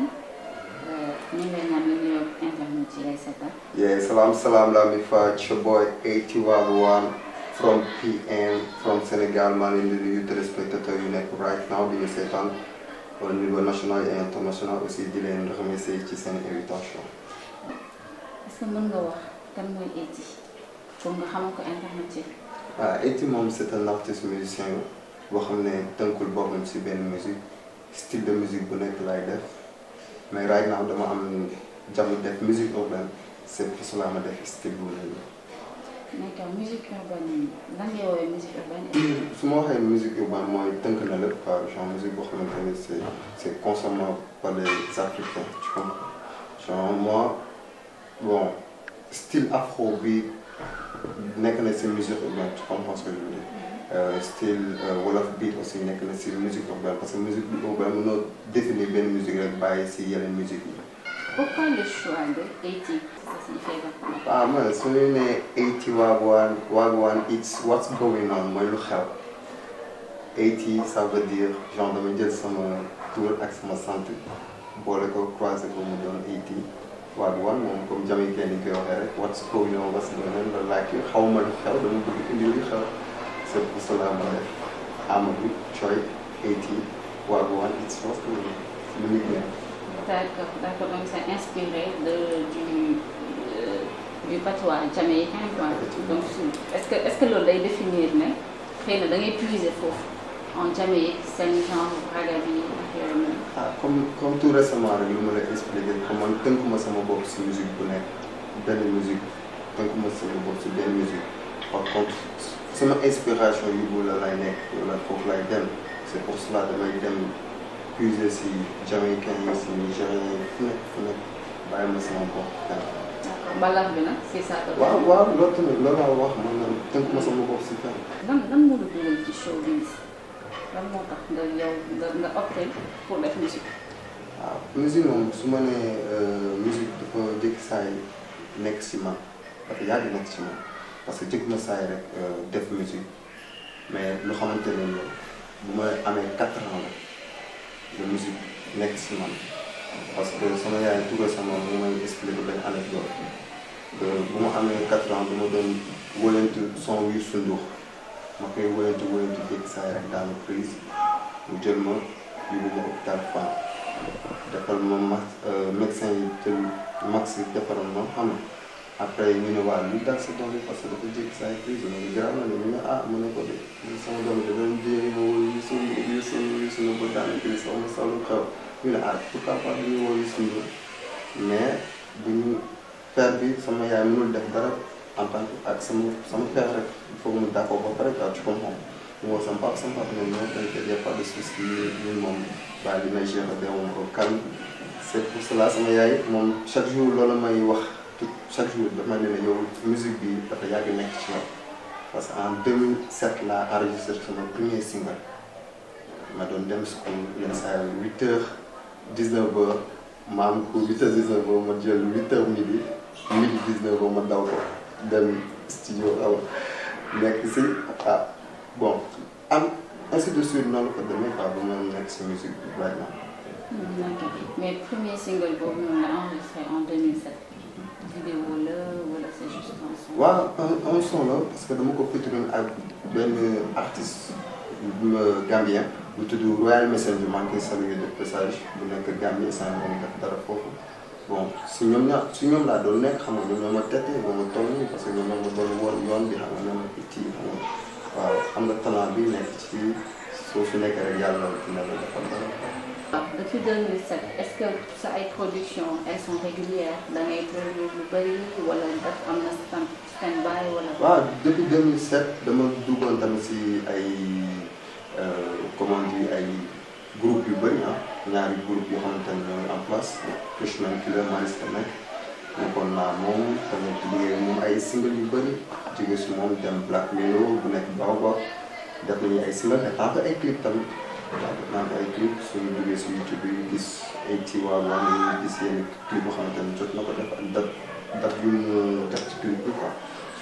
salaam euh, ñu ngi lay ñaan nga nuyoo internet yi lay seetaan. yeah salaam salaam la mi fa it's your boy AT1 from PM from Sénégal maa ngi leen di nuyu yu nekk right now di ñu seetaan au niveau national et international aussi di leen remercier ci seen invitation. est-ce que mën nga wax kan mooy AT pour nga xamal ko internet yi. Ah, moom c'est un artiste musicien boo xam ne tënkul boppam si benn musique style de musique bu nekk lay def. mais right now dama am jamu def musique urbaine c' est pour ma def style bu mel nii. mais kaw musique urbaine lan ngay woowee musique urbaine. su ma waxee musique urbaine mooy tënk na lépp quoi genre musique boo xamante ne c' est c' est consommé bi nekk na si musique urbaine tu comprends ce que Uh, style uh, wolof beat aussi nekk na style musique urbaine parce que musique urbaine mënoo définir benn musique rek bàyyi si yeneen musique yi. pourquoi le eighty ah man su ñu nee eighty wagwan wagwan it's what's going on mooy lu xew eighty ça veut dire genre dama jël sama tur ak sama sant boole ko croisé ko mu doon eighty wagwan moom comme jamaïcain ni koy waxee rek what's what's going on la laaj xaw ma lu xew dama bëgg indi lu xew. Salaamaaleykum Amadou Thioye Keyti Wagwan je pense que lu muy bien. d'accord d'accord donc c'est inspiré de du euh, du patois jamaïcain quoi donc est-ce que est-ce que loolu day définir ne xëy na da ngay puiser foofu en Jamaïque ah comme comme tout récemment rek lu ma la expliqué que man tënkuma sama bopp si musique bu nekk benn musique tënkuma sama bopp si benn sama inspiration yi wala lay nekk wala foofu lay dem c'est pour cela damay dem puiser si jamaïcain yi si nigérien fu nekk fu nekk bàyyi ma sama bopp dem. d'accord bi nag c'est ça. waaw waaw loolu tamit loolu laa wax man nag tënk ma sama bopp si fenn. lan lan moo la nga nga nga opté def musique. waaw musique moom su ma nee euh, musique dafa jékki saa yi nekk si man dafa yàgg nekk si man. parce que jëkk na saay rek euh, def musique mais lu xamante ne bu ma amee quatre ans la de musique nekk si parce que sama yaay sa sama mu may expliqué benn anecdote euh, bu ma amee quatre ans dama doon wëyantu son wi sunduux ma koy wëyantu wëyantu jëkk saay rek daanu prise mu jël ma yóbbu ma hôpital fan defal ma ma euh, médecin yi jël max yi defaral ma xam ne après ñu ne waaw ñu dagg sa doom bi parce que dafa jékki saa yu prise loolu garaaw na ne ñu ne ah mën na ko de sama doom bi dafa jéem a wóor yu suñu yu suñu yu suñu ba daanaka li soxla soxla xew ñu ne ah pourquoi pas ñu wóor yu suñu mais bu ñu père bi sama yaay mënul def dara en tant que ak sama sama père rek il faut mu d'accord ba pare quoi tu comprends mu woo sama papa sama papa ñoom ñoo koy def pas de soucis ñun moom bàyyi li may gérer ba mu ko calme c'est pour cela sama yaay moom chaque jour loolu may wax. chaque jour daf ma ne ne nekk ci yow parce que en 2007 laa enregistré sama premier single ma doon dem school ko ma jël 8 heures midi ma daw ko dem studio aw nekk si ah, bon am ainsi nekk si musique bi vraiment. mais premier single boobu noonu la enregistré en 2007. vidéo la wala waaw un un son parce que dama ko featuring ak benn artiste bu euh, Gambien bu tudd Royal Message maa ngi koy saluer de passage bu nekk Gambie sans ma nekk dara foofu. bon si ñoom ñaa si ñoom laa doon nekk xam nga ñoom ñoo ma tette nii parce que ñoom ñoo ma doon yoon bi xam nga ñoom it ci xam nga waaw am na talent bi nekk ci soo fi nekk rek yàlla dina la defal dara. Euh, depuis 2007 est-ce que sa ay production elles sont régulières da ngay produire lu bëri wala daf am na stand by wala. waaw ah, depuis 2007 dama duggoon tamit si ay euh, comment dire ay groupe yu bëri ah ñaari groupe yoo xamante ne ñoo en place Cushman Killer Mariste nag nekkoon naa moom tamit liggéey moom ay single yu bëri jóge si moom dem Black Melo bu nekk Baobab def nañu ay single et tant que ay clip tamit. naan ay clip suñu duggee si YouTube yi gis ay tiwaan waa ñu gis yenn clip boo xamante ne jot na ko def ak date date yu mu euh, def ci clip bi quoi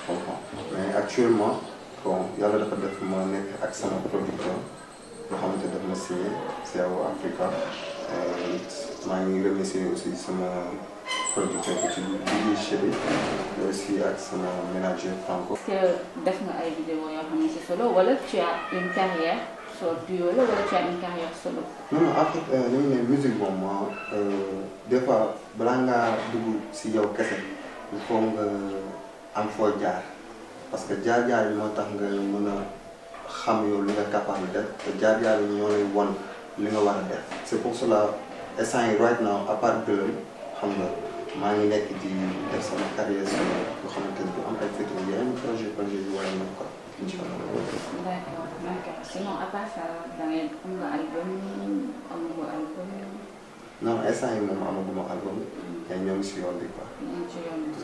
comprends mais actuellement bon yàlla dafa def ma nekk ak sama producteur boo xamante daf ma signé CAO Africa maa ngi remercier si sama producteur bi ci biir chéri aussi ak sama ménager Franco. def nga ay vidéo yoo xam ne c'est solo wala tu as une solo duo la wala tu as solo. non non en fait li ñu ne musique moom euh, des fois balaa ngaa dugg si yow kese il faut nga am foo jaar parce que jaar-jaar yi moo tax nga mën a xam yow li nga capable de def te jaar-jaar yi li nga war a def. c'est pour cela instant yi right now à part de xam nga maa ngi nekk di def sama carrière solo yoo xamante ni bu am ay féetewoo yeneen projet projet yu war a mën ko. D'accord, d'accord. Sinon, à part ça da ngay am nga album amagoo album. non instant yii moom amaguma album. te si yoon bi quoi. ñoom si yoon bi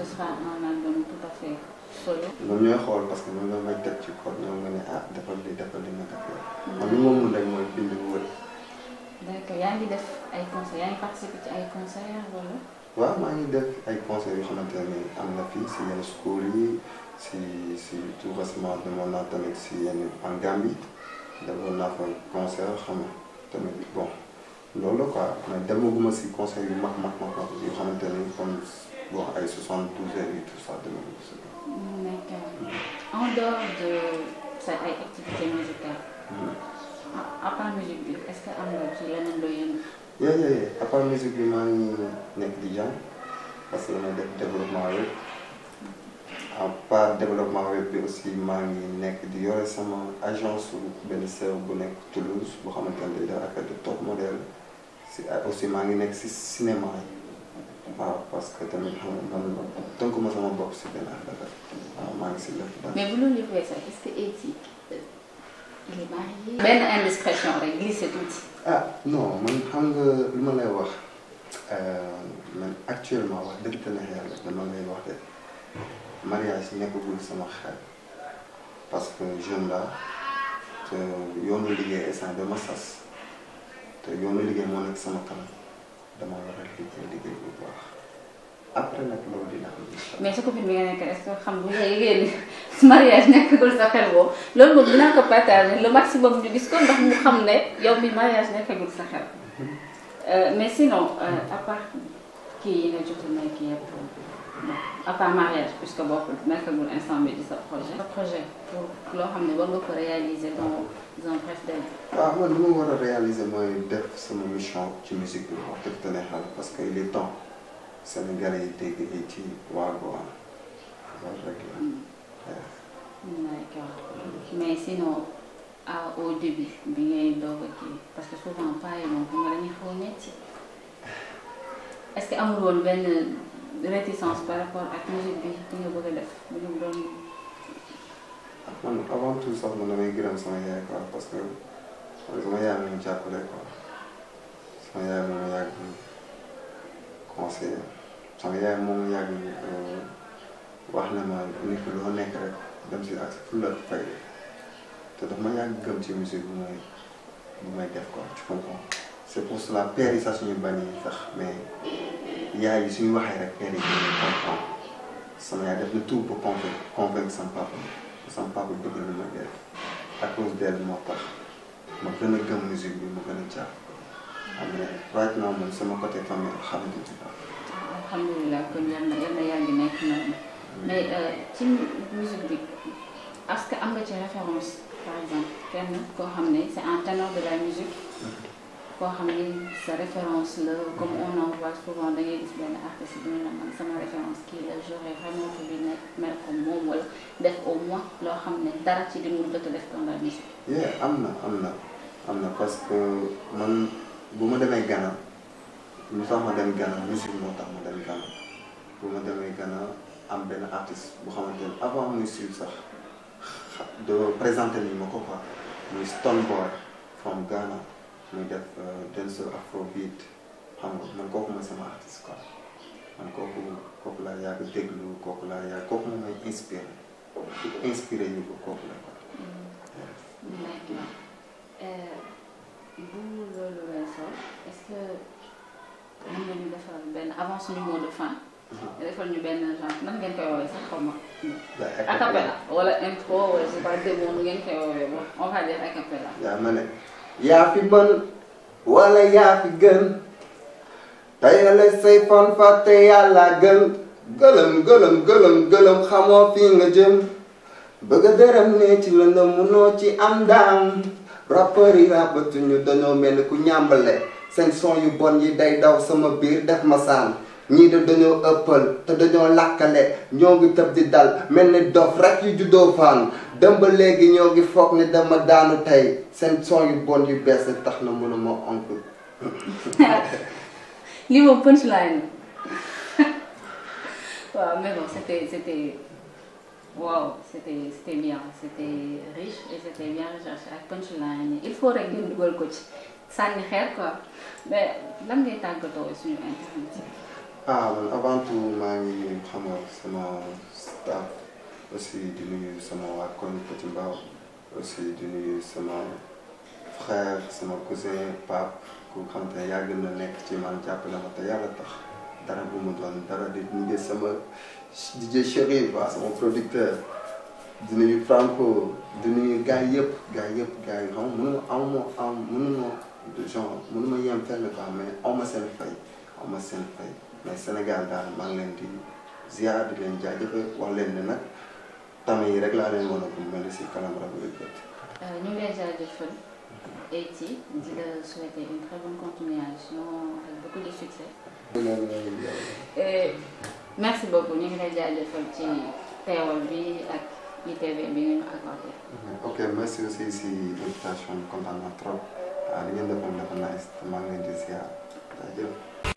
xool parce que ñoom ñoo ci kaw ñoom nga ne defal li defal li nga def loolu. man li mooy bind wër. yaa ngi def ay concert yaa ngi participer ci ay concert wala. waaw maa ngi def ay conseils yoo xamante ne am na fii si yenn school yi si si tout récemment demoon naa tamit si yenn en Gambie demoon naa fa concert xam nga tamit bon loolu la quoi mais demaguma si conseil yu mag mag mag yoo xamante ne comme bon ay 72 heures yi tout ça demaguma si. Mm-hmm. en dehors de sa ay activités musicales. Mm-hmm. à part musique bi est-ce que am nga ci leneen loo yëngu. yooyu yooyu à part musique bi maa ngi di jàng parce que damay def développement web à part développement web bi aussi maa ngi nekk di yore sama agence su benn sew bu nekk Toulouse boo xamante ne day def affaire de top modèle si aussi maa ngi nekk si cinéma yi waaw parce que tamit xam nga man tënk ma sama bopp si benn affaire waaw ah, maa ngi si lépp. mais bu loolu yëpp weesoo est-ce benn indiscrétion rek glissé tuuti. ah non man xam nga lu ma lay wax euh, man actuellement wax dëgg te neex yàlla dama lay wax de mariage nekkagul sama xel parce que jeune la te liggéey instant dama sas te yoonu liggéey moo nekk sama kanam dama war a liggéey liggéey bu baax. après nag loolu dina xam. mais sa copine bi nga nekk est-ce que xam nga yéen mariage nekkagul sa xel boobu loolu moom dinaa ko partager le maximum ñu gis ko ndax mu xam ne mi mariage nekkagul sa xel. mais sinon à part kii yi nga jot a nekk yëpp à part mariage puisque boo nekkagul instant bi di sa projet. pour loo xam ne war nga ko réaliser dans dans bref délai. waaw man li ma war a réaliser mooy def sama mission ci musique bi wax dëgg te neexal parce que il est Sénégalais yi dégg lii ci waa Goana loolu rek la. Hmm. Hmm. mais sinon à au bi ngay doog a parce que souvent paa yi moom xam nga dañuy xaw a métti est-ce que amul woon benn réticence par rapport ak musique bi ki nga bëgg a def bu ñu doon. Ah, man avant tout sax man damay gërëm sama yaay quoi parce que sama yaay mi ngi jàppale quoi sama yaay mi ngi yàgg conseiller. sama yaay moom yàgg euh, wax na ma nit ki loo nekk rek dem si ak fulla ak fayda te ma yàgg gëm ci musique bu may bu may def ko tu comprends c' est pour cela père yi sax yi sax mais yi suñu waxee sama yaay def na tout pour convaincre convaincre sama papa sama papa bëgg na ma def à cause moo tax ma gën a gëm musique bi ma gën a jàpp xam ne right now moom sama côté famille alhamdulilah alhamdulilah kon yal na yal na yaa ngi nekk noonu mais euh, ci musique que am na ci référence par exemple kenn koo xam ne c'est de la musique koo xam ne sa référence la comme on en voit souvent da ngay gis benn artiste bi la man sama kii la j'aurais vraiment voulu nekk mel comme moom wala def au moins loo xam ne dara ci li mu jot a def dans la musique. am na am na am na parce que man bu ma lu tax ma dem Ghana musique moo tax ma dem Ghana bu ma demee Ghana am benn artiste bu xamante ne avant muy suivre sax de présenté nañ ma ko quoi muy Stone Boy from Ghana xam nga man kooku mooy kooku laa yàgg déglu kooku laa yàgg kooku moom may inspiré inspiré ñu ko kooku la quoi. avant suñu mot de fin. Mhm. wala yaa fi mën wala yaa fi gën tayale say fan fàtte yàlla gën gëlëm gëlëm gëlëm gëlëm xamoo fi nga jëm bëgg a ne ci lëndëm munoo ci am daam rappeur yi ràbbatuñu dañoo mel ni ku ñàmbale. seen son yu bon yi day daw sama biir def ma saan ñii de dañoo ëppal te dañoo làkkale ñoo ngi tëb di dal mel ni dof rek yu juddoo faan dem ba léegi ñoo ngi foog ni dama daanu tey seen son yu bon yu bees yi tax na mënuma oncle lii moom punchline waaw mais bon c'était waaw c'était c'était bien c'était riche et c'était bien recherché ak punchline il faut rek ngeen dugal ko ci sànni xeer quoi mais lan ngay tàggatoo suñu internet. ah man avant tout maa ngi xam nga sama staff aussi di nuyu sama waa koñ Petit Mbao aussi di nuyu sama frère sama cousin Pape ku xam te yàgg na nekk ci man jàppale ma te yàlla tax dara bu mu doon dara di nuyu sama DJ Chéri waa sama producteur. di nuyu Franco di nuyu gars yëpp gars yëpp gars yi genre mënu ma yem fenn quoi mais aw ma Sénégal daal maa ngi leen di ziar di leen jaajëfal wax leen ne nag tamit yi rek laa leen a bu mel euh, di la souhaiter une très bonne continuation ak beaucoup de succès. Euh, merci beaucoup ñu ngi lay jaajëfal ci bi ak ITV merci aussi si invitation kontaan naa trop. waaw li ngeen defoon defoon naa est maa ngi leen di ziar jaajëf